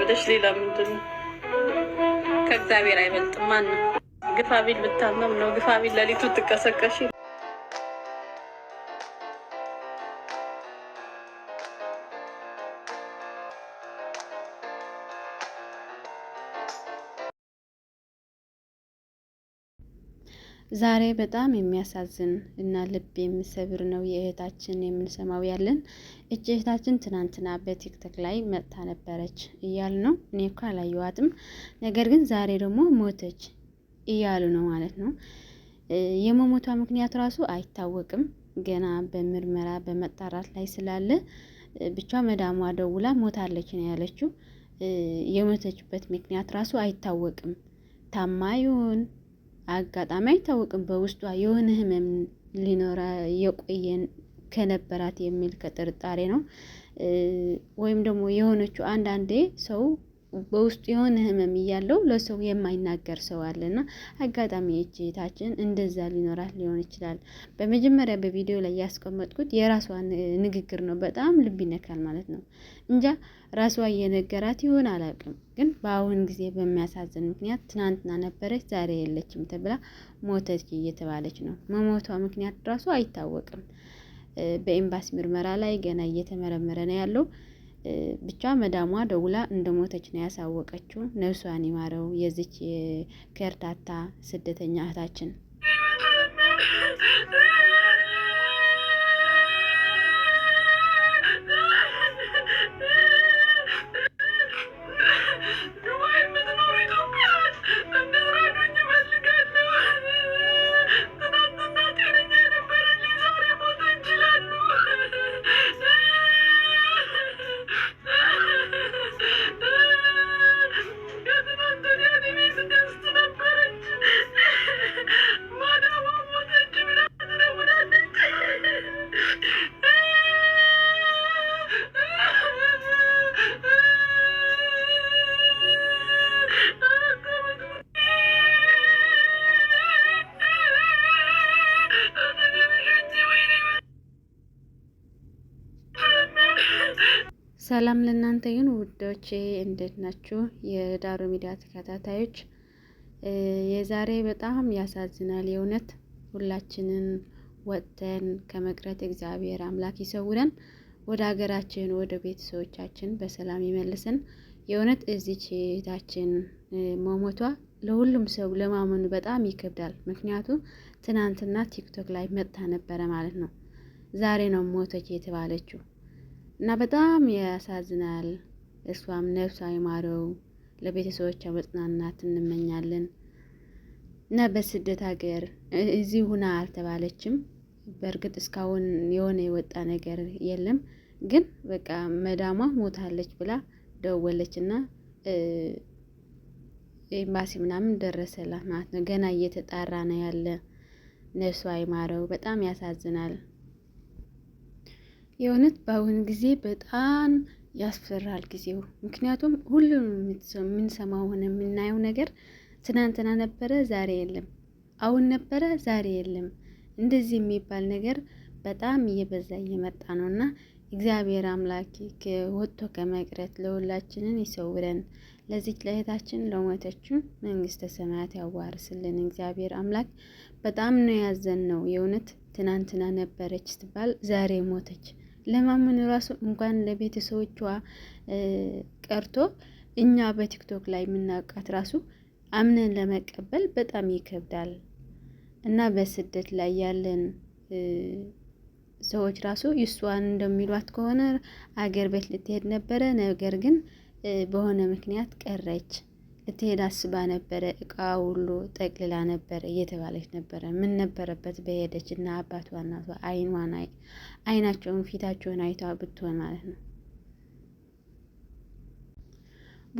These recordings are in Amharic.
ብለሽ ሌላ ምንድን ነው? ከእግዚአብሔር አይበልጥም። ማን ግፋ ቢል ብታመም ነው ለሊቱ ትቀሰቀሽ ዛሬ በጣም የሚያሳዝን እና ልብ የሚሰብር ነው የእህታችን የምንሰማው ያለን። እጅ እህታችን ትናንትና በቲክቶክ ላይ መጥታ ነበረች እያሉ ነው። እኔ እኮ አላየዋትም፣ ነገር ግን ዛሬ ደግሞ ሞተች እያሉ ነው ማለት ነው። የመሞቷ ምክንያት ራሱ አይታወቅም፣ ገና በምርመራ በመጣራት ላይ ስላለ ብቻ መዳሟ ደውላ ሞታለች ነው ያለችው። የሞተችበት ምክንያት ራሱ አይታወቅም ታማ ይሁን አጋጣሚ አይታወቅም በውስጧ የሆነ ህመም ሊኖራ የቆየን ከነበራት የሚል ከጥርጣሬ ነው። ወይም ደግሞ የሆነችው አንዳንዴ ሰው በውስጡ የሆነ ህመም እያለው ለሰው የማይናገር ሰው አለና አጋጣሚ እህታችን እንደዛ ሊኖራት ሊሆን ይችላል። በመጀመሪያ በቪዲዮ ላይ ያስቀመጥኩት የራሷ ንግግር ነው። በጣም ልብ ይነካል ማለት ነው። እንጃ ራሷ እየነገራት ይሆን አላውቅም፣ ግን በአሁን ጊዜ በሚያሳዝን ምክንያት ትናንትና ነበረች ዛሬ የለችም ተብላ ሞተች እየተባለች ነው። መሞቷ ምክንያት ራሱ አይታወቅም። በኤምባሲ ምርመራ ላይ ገና እየተመረመረ ነው ያለው። ብቻ መዳሟ ደውላ እንደሞተች ነው ያሳወቀችው። ነፍሷን ይማረው የዚች ከርታታ ስደተኛ እህታችን። ሰላም ለእናንተ ይሁን ውዶቼ፣ እንዴት ናችሁ? የዳሩ ሚዲያ ተከታታዮች፣ የዛሬ በጣም ያሳዝናል የእውነት ሁላችንን ወጥተን ከመቅረት እግዚአብሔር አምላክ ይሰውረን፣ ወደ ሀገራችን ወደ ቤተሰቦቻችን በሰላም ይመልስን። የእውነት እዚች እህታችን መሞቷ ለሁሉም ሰው ለማመኑ በጣም ይከብዳል። ምክንያቱም ትናንትና ቲክቶክ ላይ መጥታ ነበረ ማለት ነው። ዛሬ ነው ሞተች የተባለችው እና በጣም ያሳዝናል። እሷም ነፍሷ ይማረው ለቤተሰቦቿ መጽናናት እንመኛለን። እና በስደት ሀገር እዚህ ሁና አልተባለችም። በእርግጥ እስካሁን የሆነ የወጣ ነገር የለም። ግን በቃ መዳሟ ሞታለች ብላ ደወለች እና ኤምባሲ ምናምን ደረሰላት ማለት ነው። ገና እየተጣራ ነው ያለ። ነፍሷ ይማረው። በጣም ያሳዝናል። የእውነት በአሁን ጊዜ በጣም ያስፈራል ጊዜው። ምክንያቱም ሁሉም የምንሰማው ሆነ የምናየው ነገር ትናንትና ነበረ፣ ዛሬ የለም። አሁን ነበረ፣ ዛሬ የለም። እንደዚህ የሚባል ነገር በጣም እየበዛ እየመጣ ነው እና እግዚአብሔር አምላክ ወጥቶ ከመቅረት ለሁላችንን ይሰውረን። ለዚች ለእህታችን ለሞተችው መንግስተ ሰማያት ያዋርስልን እግዚአብሔር አምላክ። በጣም ነው ያዘን ነው የእውነት ትናንትና ነበረች ስትባል ዛሬ ሞተች። ለማመን ራሱ እንኳን ለቤተሰቦቿ ቀርቶ እኛ በቲክቶክ ላይ የምናውቃት ራሱ አምነን ለመቀበል በጣም ይከብዳል እና በስደት ላይ ያለን ሰዎች ራሱ ይሷን እንደሚሏት ከሆነ አገር ቤት ልትሄድ ነበረ፣ ነገር ግን በሆነ ምክንያት ቀረች። ልትሄድ አስባ ነበረ። እቃ ሁሉ ጠቅልላ ነበረ እየተባለች ነበረ። ምን ነበረበት በሄደች እና አባቷ እናቷ አይኗን አይናቸውን ፊታቸውን አይቷ ብትሆን ማለት ነው።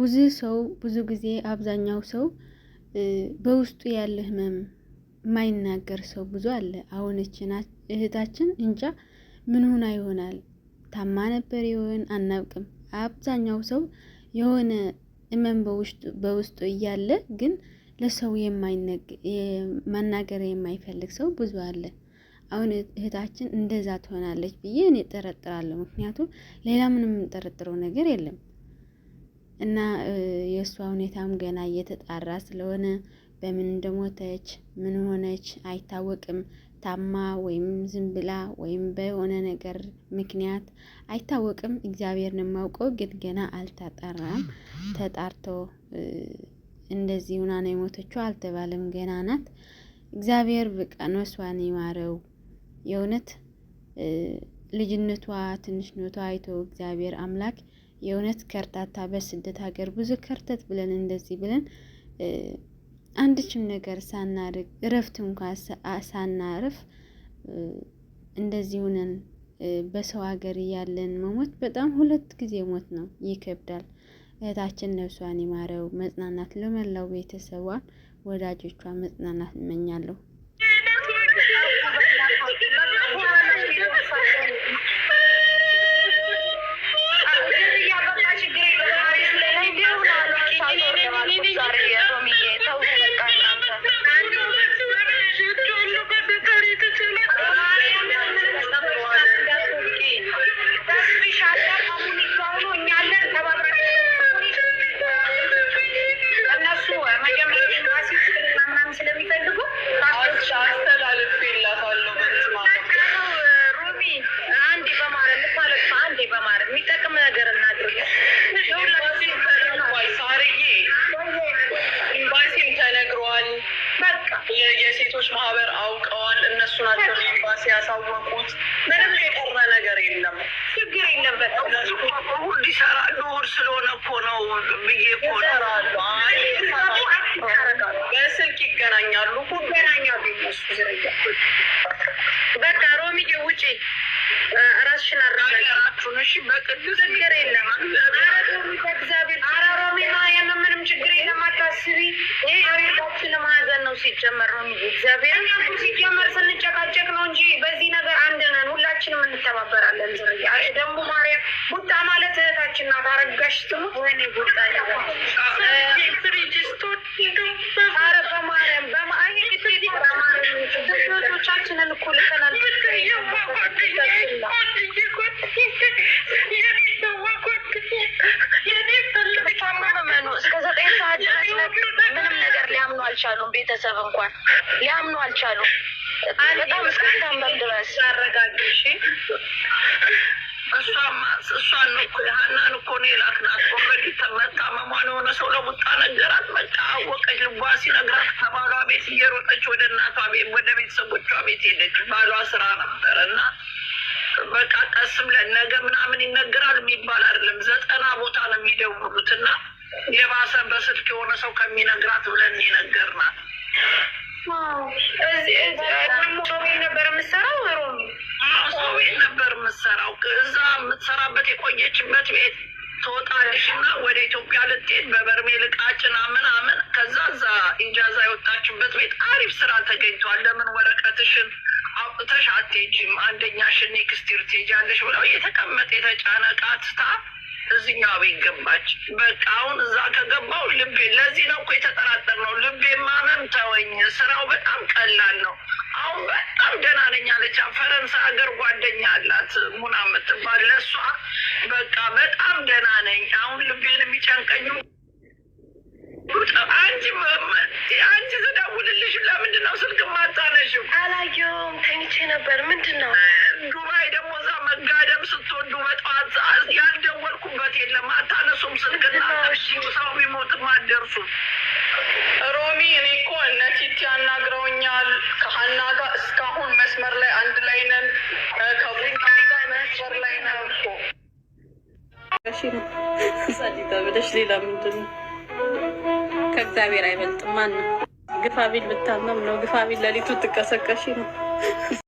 ብዙ ሰው ብዙ ጊዜ አብዛኛው ሰው በውስጡ ያለ ህመም የማይናገር ሰው ብዙ አለ። አሁንችን እህታችን እንጃ ምን ሆና ይሆናል ታማ ነበር ይሆን አናውቅም። አብዛኛው ሰው የሆነ እመን በውስጡ እያለ ግን ለሰው መናገር የማይፈልግ ሰው ብዙ አለ። አሁን እህታችን እንደዛ ትሆናለች ብዬ እኔ ጠረጥራለሁ። ምክንያቱም ሌላ ምንም የምንጠረጥረው ነገር የለም እና የእሷ ሁኔታም ገና እየተጣራ ስለሆነ በምን እንደሞተች ምን ሆነች አይታወቅም። ታማ ወይም ዝም ብላ ወይም በሆነ ነገር ምክንያት አይታወቅም። እግዚአብሔር ነው የሚያውቀው። ግን ገና አልተጣራም። ተጣርቶ እንደዚህ ሁና ነው የሞተችው አልተባለም። ገና ናት። እግዚአብሔር በቃ ነፍሷን ይማረው። የእውነት ልጅነቷ ትንሽነቷ አይቶ እግዚአብሔር አምላክ የእውነት ከርታታ በስደት ሀገር ብዙ ከርተት ብለን እንደዚህ ብለን አንድችም ነገር ሳናርግ እረፍት እንኳ ሳናርፍ እንደዚህ ሆነን በሰው ሀገር እያለን መሞት በጣም ሁለት ጊዜ ሞት ነው፣ ይከብዳል። እህታችን ነፍሷን ይማረው። መጽናናት ለመላው ቤተሰቧ፣ ወዳጆቿ መጽናናት እመኛለሁ። ሴቶች ማህበር አውቀዋል። እነሱ ናቸው ኤምባሲ ያሳወቁት። ምንም የቀረ ነገር የለም። ችግር የለበት። እሑድ ይሰራሉ። እሑድ ስለሆነ እኮ ነው ብዬ እኮ በስልክ ይገናኛሉ። ሁገናኛሉ ሱ ዝርያ በቃ ሮሚዬ ውጪ ራስሽን አርጋሽ ችግር የለም። ነው ሲጀመር ነው ሚ እግዚአብሔር ሲጀመር ስንጨቃጨቅ ነው እንጂ በዚህ ነገር አንድ ነን። ሁላችንም እንተባበራለን። ዝርያ ደግሞ ማርያም ቡጣ ማለት እህታችን ናት። አረጋሽ ትሙ ወይኔ ቡጣ በማርያም በማይ ቶቻችንን እኮ ልከናል ዘጠኝ ሰዓት ድረስ ምንም ነገር ሊያምኑ አልቻሉም። ቤተሰብ እንኳን ሊያምኑ አልቻሉም። በጣም እስከ ሳምበር ድረስ አረጋግሽ እሷን እኮ ሀናን የሆነ ሰው ለሙጣ ነገራት። አወቀች። ልቧ ሲነግራት ከባሏ እየሮጠች ወደ እናቷ ቤት ስራ ምናምን ይነገራል የሚባል አይደለም። ዘጠና ቦታ ነው የሚደውሉት እና የባሰ በስልክ የሆነ ሰው ከሚነግራት ብለን የነገርናት ነበር የምትሰራው ነበር እዛ የምትሰራበት የቆየችበት ቤት ትወጣለሽ እና ወደ ኢትዮጵያ ልትሄድ በበርሜል ዕቃ ጭና ምናምን፣ ከዛ እዛ ኢጃዛ የወጣችበት ቤት አሪፍ ስራ ተገኝቷል። ለምን ወረቀትሽን አውጥተሽ አትሄጂም? አንደኛሽን ኔክስት ይር ትሄጃለሽ ብለው የተቀመጠ የተጫነ ዕቃ ትታ እዚኛ ቤት ገባች። በቃ አሁን እዛ ከገባው ልቤ ለዚህ ነው እኮ የተጠራጠር ነው ልቤ ማመም ተወኝ። ስራው በጣም ቀላል ነው። አሁን በጣም ደህና ነኝ አለች። ፈረንሳይ ሀገር ጓደኛ አላት ሙና የምትባል ለእሷ በቃ በጣም ደህና ነኝ። አሁን ልቤን የሚጨንቀኙ አንቺ ስደውልልሽ ለምንድን ነው ስልክ ማታነሽው? አላየውም ተኝቼ ነበር። ምንድን ነው ዱባይ ደግሞ እዛ መጋደም ስትወዱ በጠዋት ያልደ ህይወት የለም። አታነሱም ስልክ ሰው ቢሞትም ሮሚ እኔ እኮ እነ ቲቲ አናግረውኛል። ከሀና ጋር እስካሁን መስመር ላይ አንድ ላይ ነን። ከቡኝ ጋር መስመር ላይ ነን እኮ ሌላ ምንድን ነው? ከእግዚአብሔር አይበልጥም። ማን ብታመም ነው ለሊቱ ትቀሰቀሽ ነው